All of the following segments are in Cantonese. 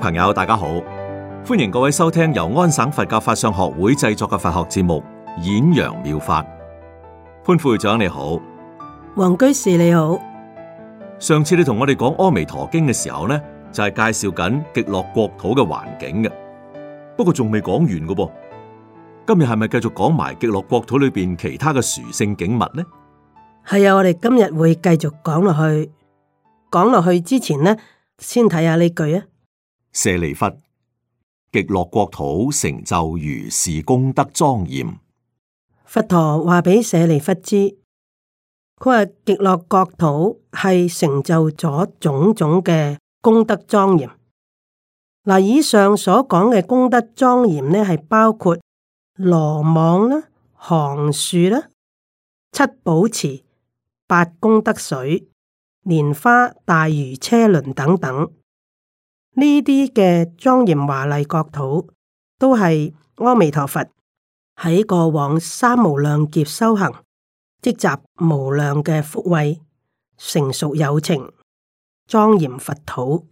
朋友，大家好，歡迎各位收聽由安省佛教法相學會製作嘅法學節目《演揚妙，妙法》。潘副會長你好，黃居士你好。上次你同我哋講《阿彌陀經》嘅時候咧，就係、是、介紹緊極樂國土嘅環境嘅。不過仲未講完㗎噃。今日係咪繼續講埋極樂國土裏邊其他嘅殊勝景物呢？係啊，我哋今日會繼續講落去。講落去之前咧，先睇下呢句啊。舍利弗，極樂國土成就如是功德莊嚴。佛陀話俾舍利弗知，佢話極樂國土係成就咗種種嘅功德莊嚴。嗱，以上所講嘅功德莊嚴咧，係包括羅網啦、行樹啦、七寶池、八功德水、蓮花、大如車輪等等。呢啲嘅莊嚴華麗國土，都係阿彌陀佛喺過往三無量劫修行，積集無量嘅福慧，成熟友情，莊嚴佛土。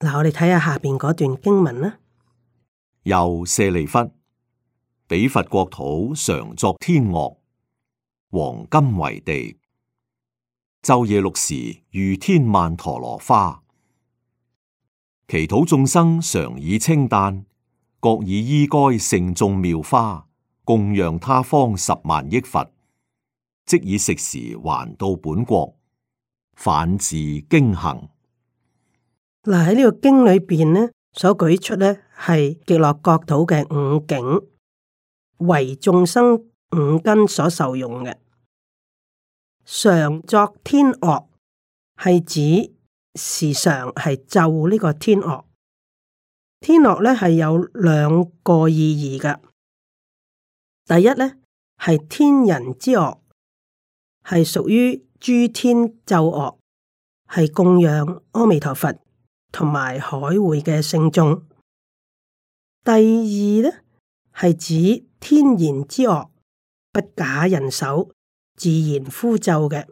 嗱，我哋睇下下邊嗰段經文啦。又舍利弗，彼佛國土常作天樂，黃金為地，晝夜六時如天曼陀羅花。其土眾生常以清旦，各以衣裓盛眾妙華，供養他方十萬億佛，即以食時還到本國，飯食經行。嗱，喺呢個經裏邊呢，所舉出呢係極樂國土嘅五境，為眾生五根所受用嘅，常作天樂，係指。時常係奏呢個天樂，天樂咧係有兩個意義嘅。第一咧係天人之樂，係屬於諸天奏樂，係供養阿彌陀佛同埋海會嘅聖眾。第二咧係指天然之樂，不假人手，自然呼奏嘅。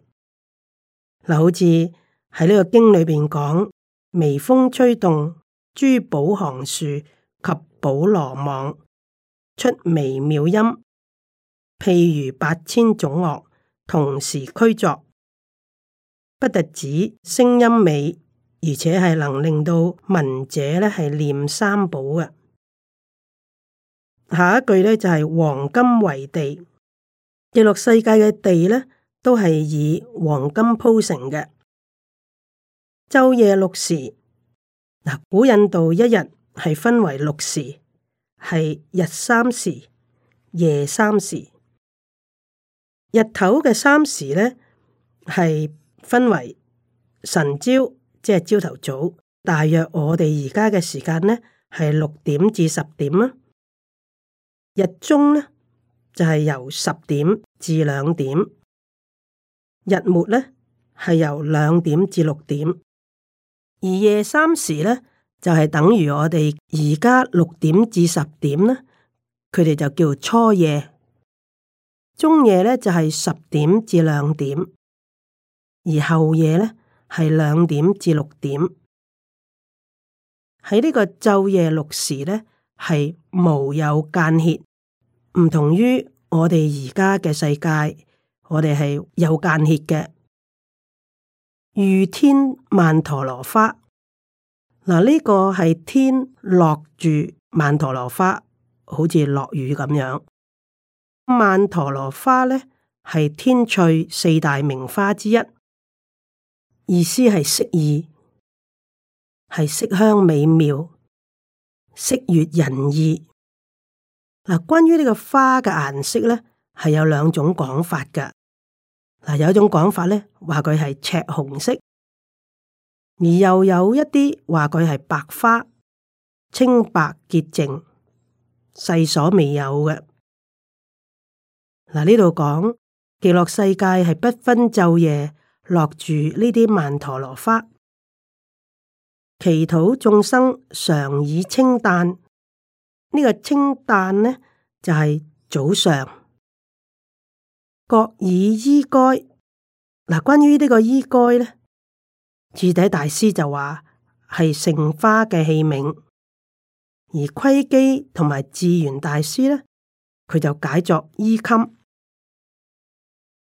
嗱，好似。喺呢個經裏邊講，微風吹動珠寶行樹及寶羅網，出微妙音，譬如八千種樂同時俱作，不特止聲音美，而且係能令到聞者咧係念三寶嘅。下一句呢，就係、是、黃金為地，極樂世界嘅地呢，都係以黃金鋪成嘅。晝夜六時，嗱，古印度一日係分為六時，係日三時、夜三時。日頭嘅三時咧係分為晨朝，即係朝頭早，大約我哋而家嘅時間咧係六點至十點啊。日中咧就係、是、由十點至兩點，日沒咧係由兩點至六點。而夜三時咧，就係等於我哋而家六點至十點咧，佢哋就叫初夜；中夜咧就係十點至兩點；而後夜咧係兩點至六點。喺呢個晝夜六時咧，係無有間歇，唔同於我哋而家嘅世界，我哋係有間歇嘅。雨天曼陀羅花，嗱、這、呢個係天落住曼陀羅花，好似落雨咁樣。曼陀羅花咧係天趣四大名花之一，意思係適意，係色香美妙，色悅人意。嗱，關於呢個花嘅顏色咧，係有兩種講法噶。嗱，有一種講法咧，話佢係赤紅色，而又有一啲話佢係白花，清白潔淨，世所未有嘅。嗱，呢度講極樂世界係不分晝夜落住呢啲曼陀羅花，祈禱眾生常以清淡。呢個清淡咧就係早上。各以衣裓，嗱，關於呢個衣裓咧，二底大師就話係盛花嘅器皿，而窺基同埋智圓大師咧，佢就解作衣襟。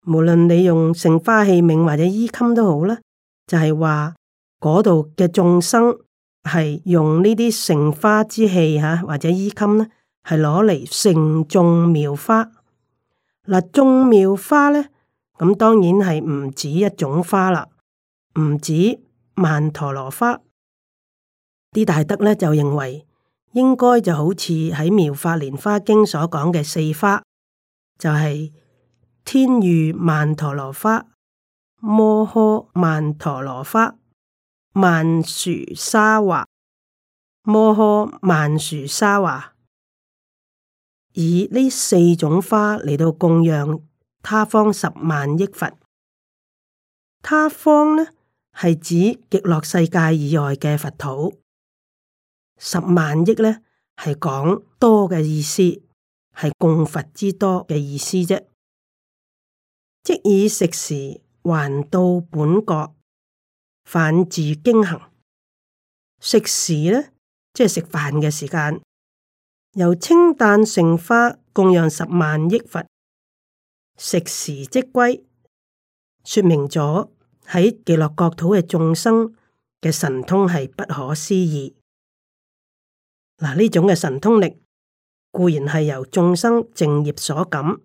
無論你用盛花器皿或者衣襟都好啦，就係話嗰度嘅眾生係用呢啲盛花之器吓，或者衣襟咧，係攞嚟盛眾妙花。嗱，種妙花咧，咁當然係唔止一種花啦，唔止曼陀羅花。啲大德咧就認為，應該就好似喺《妙法蓮花經》所講嘅四花，就係、是、天雨曼陀羅花、摩訶曼陀羅花、曼殊沙華、摩訶曼殊沙華。以呢四種花嚟到供養他方十萬億佛，他方呢係指極樂世界以外嘅佛土，十萬億呢係講多嘅意思，係供佛之多嘅意思啫。即以食時還到本國，飯食經行，食時呢，即係食飯嘅時間。由清淡成花供養十萬億佛，食時即歸，說明咗喺極樂國土嘅眾生嘅神通係不可思議。嗱，呢種嘅神通力固然係由眾生淨業所感，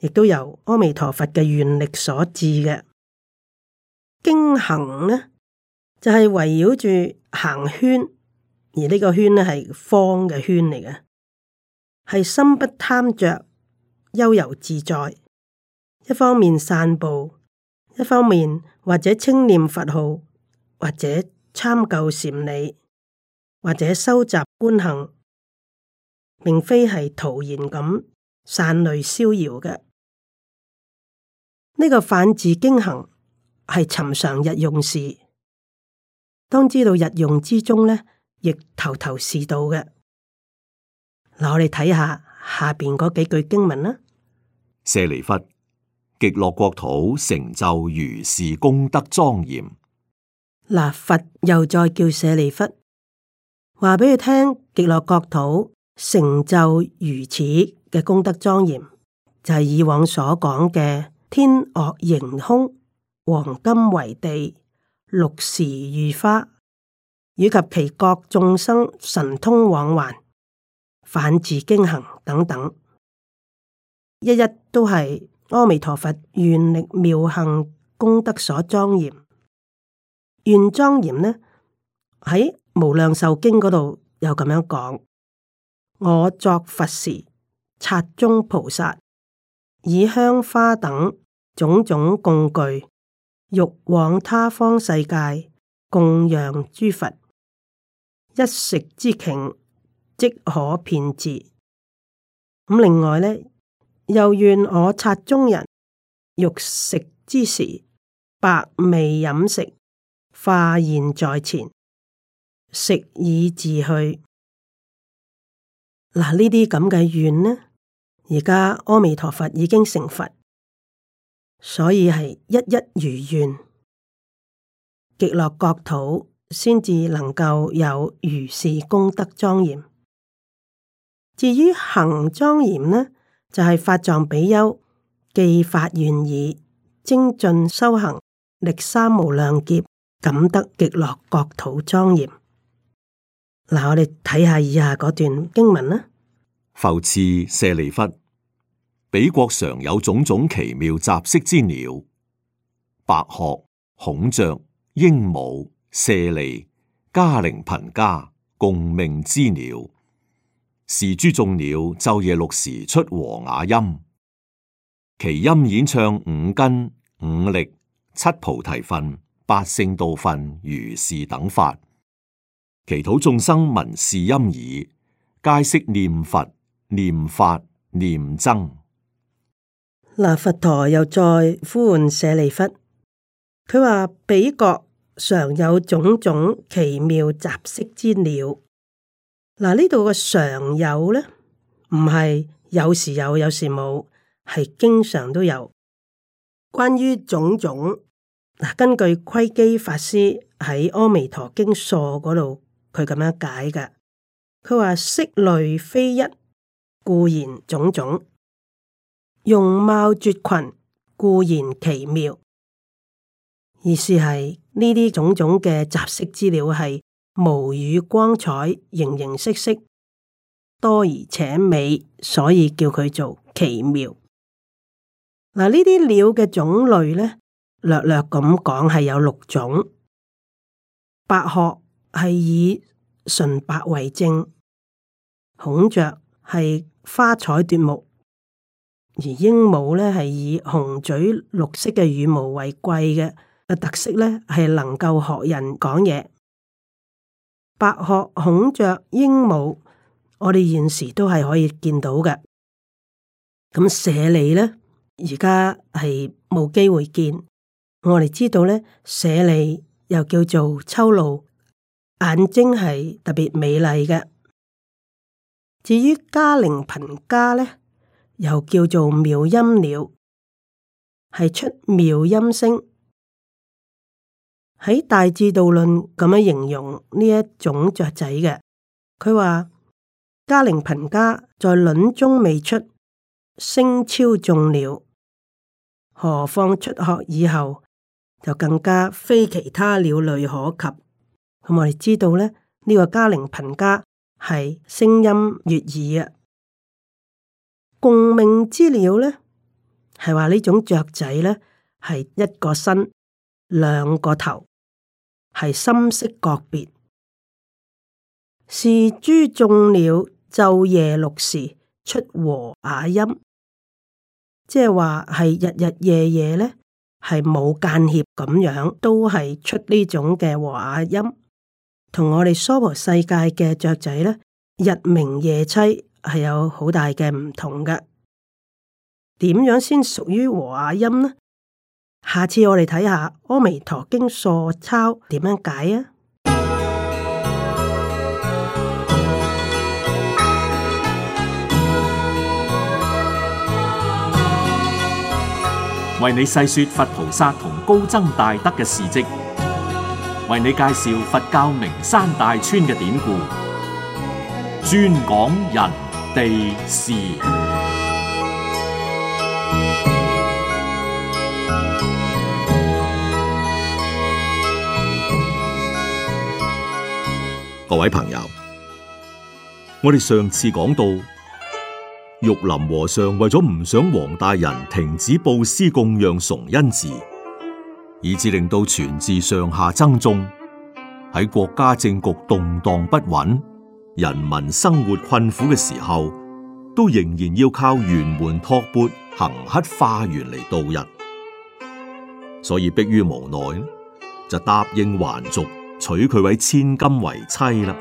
亦都由阿彌陀佛嘅願力所致嘅。經行呢，就係、是、圍繞住行圈。而呢個圈咧，係方嘅圈嚟嘅，係心不貪着、悠游自在。一方面散步，一方面或者清念佛號，或者參究禪理，或者收集觀行，並非係徒然咁散累逍遙嘅。呢、這個反字經行係尋常日用事，當知道日用之中呢。亦頭頭是道嘅，嗱，我哋睇下下邊嗰幾句經文啦。舍利弗，極樂國土成就如是功德莊嚴。嗱，佛又再叫舍利弗話畀佢聽，極樂國土成就如此嘅功德莊嚴，就係、是、以往所講嘅天樂盈空，黃金為地，六時雨花。以及其各眾生神通往還、反字經行等等，一一都係阿彌陀佛願力妙行功德所莊嚴。願莊嚴呢？喺無量壽經嗰度有咁樣講：我作佛時，剎中菩薩以香花等種種供具，欲往他方世界供養諸佛。一食之頃，即可遍至。咁另外呢，又願我剎中人，欲食之時，百味飲食化現在前，食已自去。嗱呢啲咁嘅願呢，而家阿彌陀佛已經成佛，所以係一一如願，極樂國土。先至能夠有如是功德莊嚴。至於行莊嚴呢，就係、是、法藏比丘，既發願已，精進修行，歷三無量劫，感得極樂國土莊嚴。嗱，我哋睇下以下嗰段經文啦。復次舍利弗，彼國常有種種奇妙雜色之鳥，白鶴、孔雀、鸚鵡。舍利、迦陵頻伽共命之鳥，是諸眾鳥晝夜六時出和雅音，其音演暢，五根五力七菩提分八聖道分如是等法，其土眾生聞是音已，皆悉念佛念法念僧。那佛陀又再呼喚舍利弗，佢話彼國，常有種種奇妙雜色之鳥，嗱呢度嘅「常有」咧，唔係有時有，有時冇，係經常都有。關於種種，嗱根據窺基法師喺《阿彌陀經疏》嗰度，佢咁樣解嘅，佢話色類非一，固然種種，容貌絕群，固然奇妙。意思係呢啲種種嘅雜色資料係無與光彩、形形色色、多而且美，所以叫佢做奇妙。嗱，呢啲鳥嘅種類咧，略略咁講係有六種。白鶴係以純白為正，孔雀係花彩奪目，而鸚鵡咧係以紅嘴、綠色嘅羽毛為貴嘅。特色咧係能夠學人講嘢，白鶴、孔雀、鸚鵡，我哋現時都係可以見到嘅。咁舍利咧，而家係冇機會見。我哋知道咧，舍利又叫做鶖鷺，眼睛係特別美麗嘅。至於迦陵頻伽咧，又叫做妙音鳥，係出妙音聲。喺《大智度論》咁樣形容呢一種雀仔嘅，佢話迦陵頻伽在卵中未出，聲超眾鳥，何況出殼以後就更加非其他鳥類可及。咁、嗯、我哋知道咧，呢、這個迦陵頻伽係聲音悅耳啊，共命之鳥咧係話呢種雀仔咧係一個身兩個頭。係深色各別，是諸眾鳥晝夜六時出和雅音，即係話係日日夜夜咧，係冇間歇咁樣，都係出呢種嘅和雅音，同我哋娑婆世界嘅雀仔咧日明夜棲係有好大嘅唔同嘅，點樣先屬於和雅音呢？下次我哋睇下《阿彌陀經》疏鈔點樣解啊。為你細說佛菩薩同高僧大德嘅事跡，為你介紹佛教名山大川嘅典故，專講人地事。各位朋友，我哋上次講到，玉林和尚為咗唔想黃大人停止布施供養崇恩寺，以致令到全寺上下增重，喺國家政局動盪不穩、人民生活困苦嘅時候，都仍然要靠沿門托缽行乞化緣嚟度日，所以迫於無奈，就答應還俗。娶佢為千金為妻啦。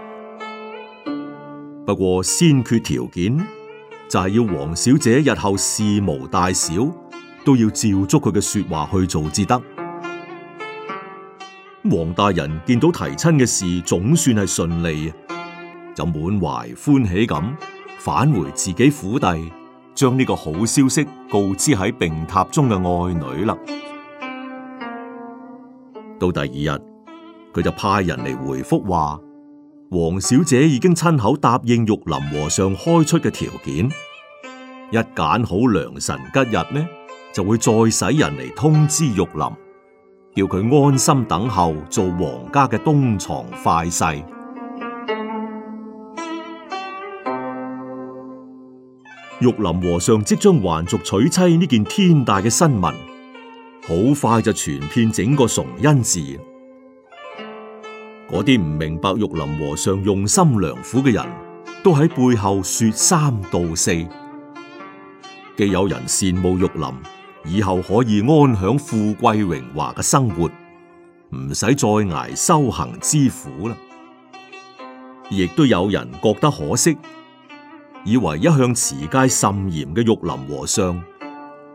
不過先決條件就係要黃小姐日後事無大小都要照足佢嘅說話去做至得。黃大人見到提親嘅事總算係順利，就滿懷歡喜咁返回自己府邸，將呢個好消息告知喺病榻中嘅愛女啦。到第二日。佢就派人嚟回覆話：黃小姐已經親口答應玉林和尚開出嘅條件，一揀好良辰吉日呢，就會再使人嚟通知玉林，叫佢安心等候做皇家嘅東床快婿。 玉林和尚即將還俗娶妻呢件天大嘅新聞，好快就傳遍整個崇恩寺。嗰啲唔明白玉林和尚用心良苦嘅人都喺背後說三道四，既有人羨慕玉林以後可以安享富貴榮華嘅生活，唔使再挨修行之苦啦，亦都有人覺得可惜，以為一向持戒甚嚴嘅玉林和尚，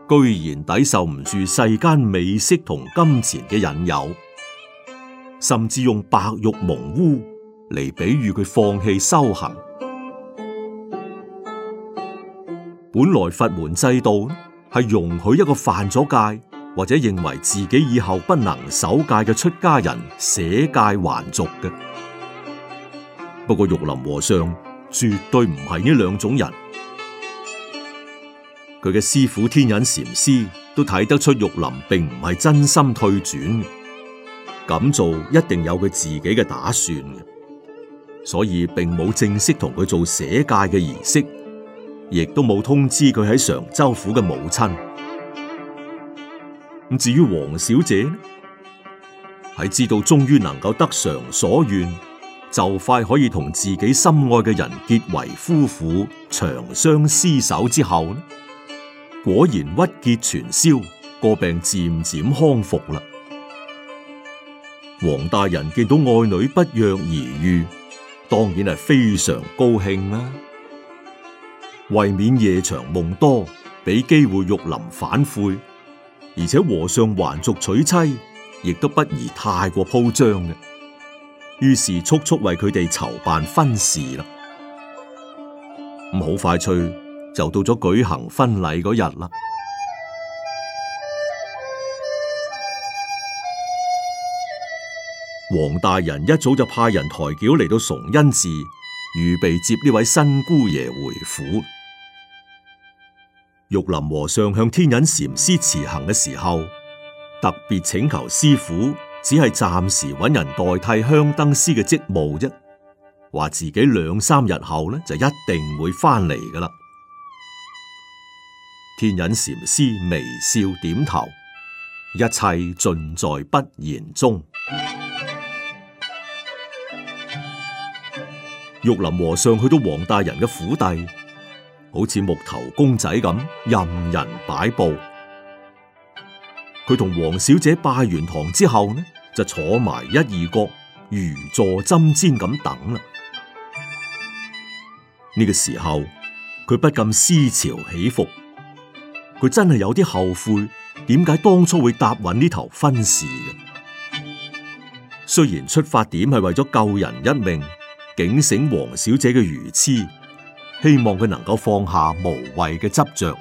居然抵受唔住世間美色同金錢嘅引誘。甚至用白玉蒙污嚟比喻佢放棄修行。本來佛門制度係容許一個犯咗戒或者認為自己以後不能守戒嘅出家人捨戒還俗嘅。不過玉林和尚絕對唔係呢兩種人。佢嘅師父天隱禪師都睇得出玉林並唔係真心退轉。咁做一定有佢自己嘅打算嘅，所以並冇正式同佢做社界嘅儀式，亦都冇通知佢喺常州府嘅母親。咁至於黃小姐喺知道終於能夠得償所願，就快可以同自己心愛嘅人結為夫婦，長相廝守之後呢，果然鬱結全消，個病漸漸康復啦。黃大人見到愛女不約而遇，當然係非常高興啦、啊。為免夜長夢多，俾機會玉林反悔，而且和尚還俗娶妻，亦都不宜太過鋪張嘅。於是速速為佢哋籌辦婚事啦。咁好快脆就到咗舉行婚禮嗰日啦。黃大人一早就派人抬轎嚟，到崇恩寺，預備接呢位新姑爺回府。玉林和尚向天隱禪師辭行嘅時候，特別請求師傅只係暫時揾人代替香燈師嘅職務啫，話自己兩三日後咧就一定會翻嚟嘅啦。天隱禪師微笑點頭，一切盡在不言中。玉林和尚去到王大人嘅府邸，好似木頭公仔咁任人擺佈。佢同王小姐拜完堂之後呢，就坐埋一、二角如坐針氈咁等啦。呢、這個時候，佢不禁思潮起伏，佢真係有啲後悔，點解當初會答允呢頭婚事嘅？雖然出發點係為咗救人一命。警醒黃小姐嘅愚痴，希望佢能夠放下無謂嘅執着。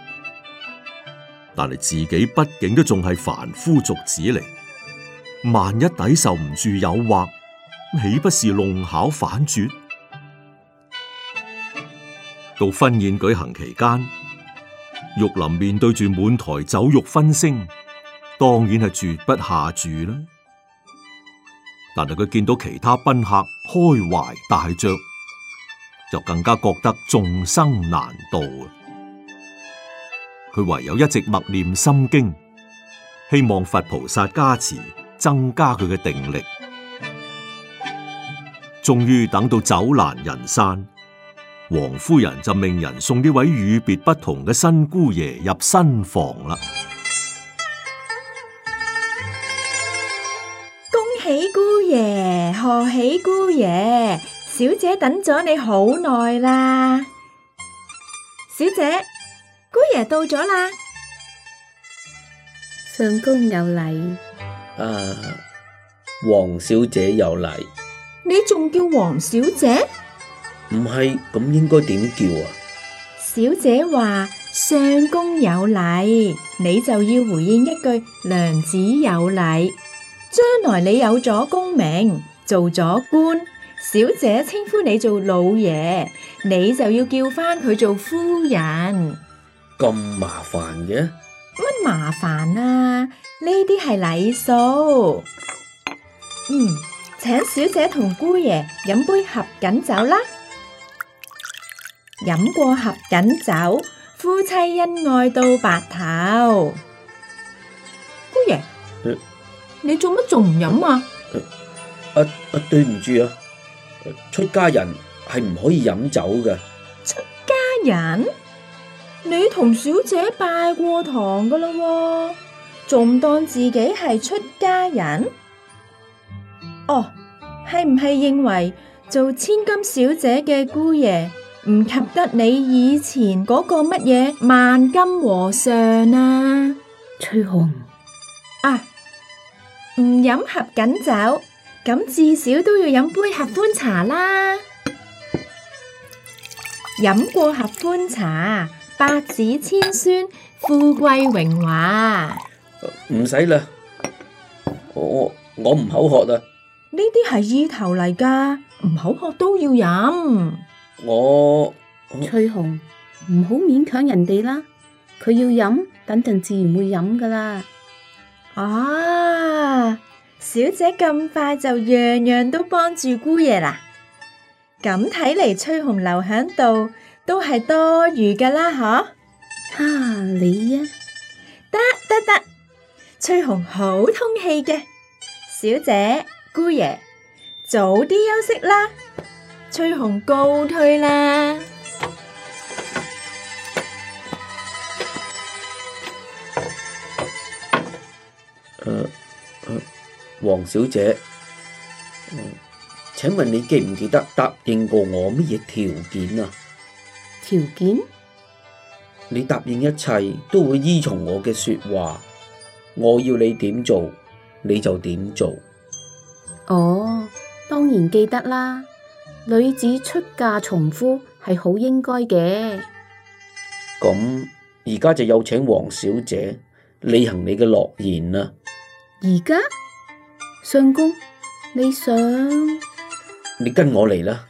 但係自己畢竟都仲係凡夫俗子嚟，萬一抵受唔住誘惑，豈不是弄巧反拙？到婚宴舉行期間，玉林面對住滿台酒肉葷腥，當然係絕不下箸啦。但係佢見到其他賓客開懷大嚼，就更加覺得眾生難度。佢唯有一直默念心經，希望佛菩薩加持，增加佢嘅定力。終於等到酒闌人散，王夫人就命人送呢位與別不同嘅新姑爺入新房啦。賀喜姑爺，小姐等咗你好耐啦！小姐，姑爺到咗啦，相公有禮。啊，黃小姐有禮。你仲叫黃小姐？唔係，咁應該點叫啊？小姐話相公有禮，你就要回應一句娘子有禮。將來你有咗功名。做咗官，小姐稱呼你做老爺，你就要叫返佢做夫人。咁麻煩嘅？乜麻煩啊？呢啲係禮數。嗯，請小姐同姑爺飲杯合卺酒啦。飲過合卺酒，夫妻恩愛到白頭。姑爺，你做乜仲唔飲啊？啊啊，對唔住啊！出家人係唔可以飲酒㗎。出家人？你同小姐拜過堂噶啦，仲當自己係出家人？哦，係唔係認為做千金小姐嘅姑爺唔及得你以前嗰個乜嘢萬金和尚啊？翠紅，啊，唔飲合巹酒。咁至少都要飲杯合歡茶啦，飲過合歡茶，百子千孫，富貴榮華。唔使啦，我我唔口渴啊！呢啲係意頭嚟噶，唔口渴都要飲。我，翠紅，唔好勉強人哋啦，佢要飲，等陣自然會飲噶啦。啊！小姐咁快就樣樣都幫住姑爺啦，咁睇嚟翠紅留喺度都係多餘噶啦，嗬、啊？哈、啊、你呀、啊，得得得，翠紅好通氣嘅，小姐姑爺早啲休息啦，翠紅告退啦。王小姐，嗯，請問你記唔記得答應過我乜嘢條件啊？條件？你答應一切都會依從我嘅說話，我要你點做你就點做。哦，當然記得啦。女子出嫁從夫係好應該嘅。咁而家就有請王小姐履行你嘅諾言啦、啊。而家？相公，你想你跟我嚟啦。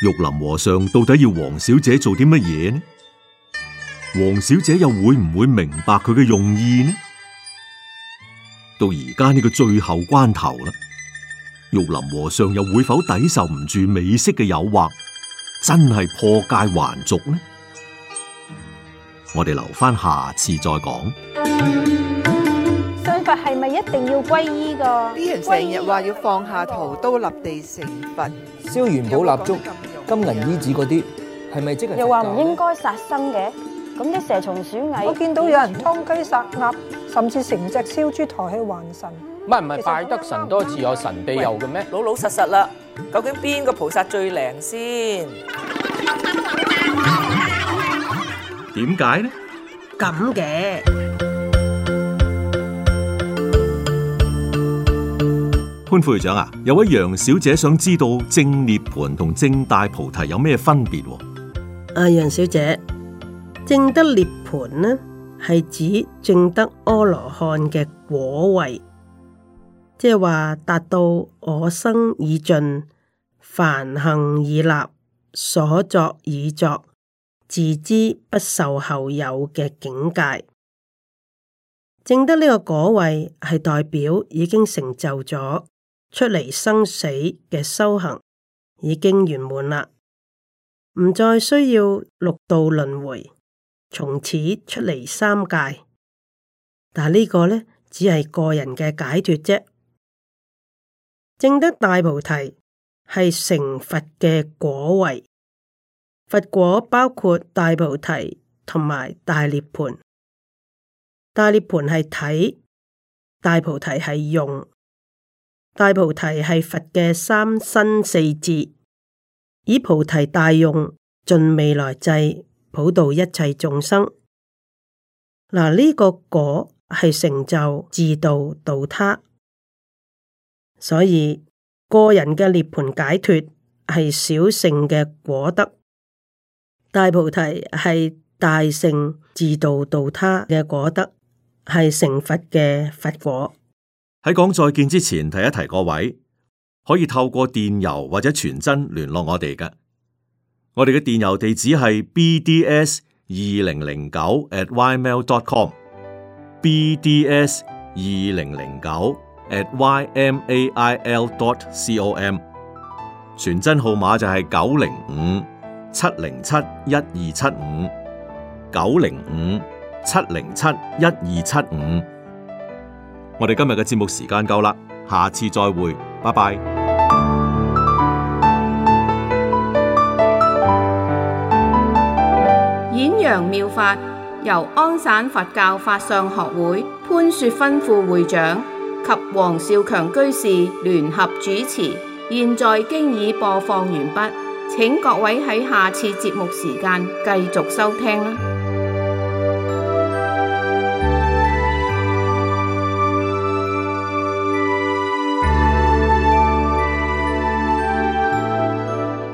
玉林和尚到底要黃小姐做啲乜嘢呢？黃小姐又會唔會明白佢嘅用意呢？到而家呢個最後關頭啦，玉林和尚又會否抵受唔住美色嘅誘惑，真係破戒還俗呢？我哋留翻下次再講。信佛係咪一定要皈依㗎？啲人成日話要放下屠刀立地成佛，燒元寶、蠟燭、金銀衣紙嗰啲，係咪即係？又話唔應該殺生嘅，咁啲蛇蟲鼠蟻，我見到有人殺雞殺鴨，甚至成隻燒豬抬去還神。唔係唔係，拜得神多自有神庇佑嘅咩？老老實實啦，究竟邊個菩薩最靈先？點解呢？咁嘅。潘副會長啊，有位楊小姐想知道證涅槃同證大菩提有咩分別？誒、啊，楊小姐，證得涅槃呢，係指證得阿羅漢嘅果位，即係話達到我生已盡，梵行已立，所作已作，自知不受後有嘅境界。證得呢個果位係代表已經成就咗。出嚟生死嘅修行已經圓滿啦，唔再需要六道輪回，從此出嚟三界。但呢個呢，只係個人嘅解脱啫。證大菩提係成佛嘅果位，佛果包括大菩提同埋大涅盤。大涅盤係體，大菩提係用。大菩提係佛嘅三身四智，以菩提大用盡未來際普度一切眾生。嗱，呢個果係成就自度度他，所以個人嘅涅槃解脫係小聖嘅果德，大菩提係大聖自度度他嘅果德，係成佛嘅佛果。喺講再見之前，提一提各位可以透過電郵或者傳真聯絡我哋㗎。我哋嘅電郵地址係 bds 二零零九 at ymail.com，bds 二零零九 at ymail.com。傳真號碼就係九零五七零七一二七五，九零五七零七一二七五。我哋今日嘅節目時間夠啦，下次再會，拜拜。演揚妙法，由安省佛教法相學會潘雪芬副會長及黃少強居士聯合主持，現在經已播放完畢，請各位喺下次節目時間繼續收聽。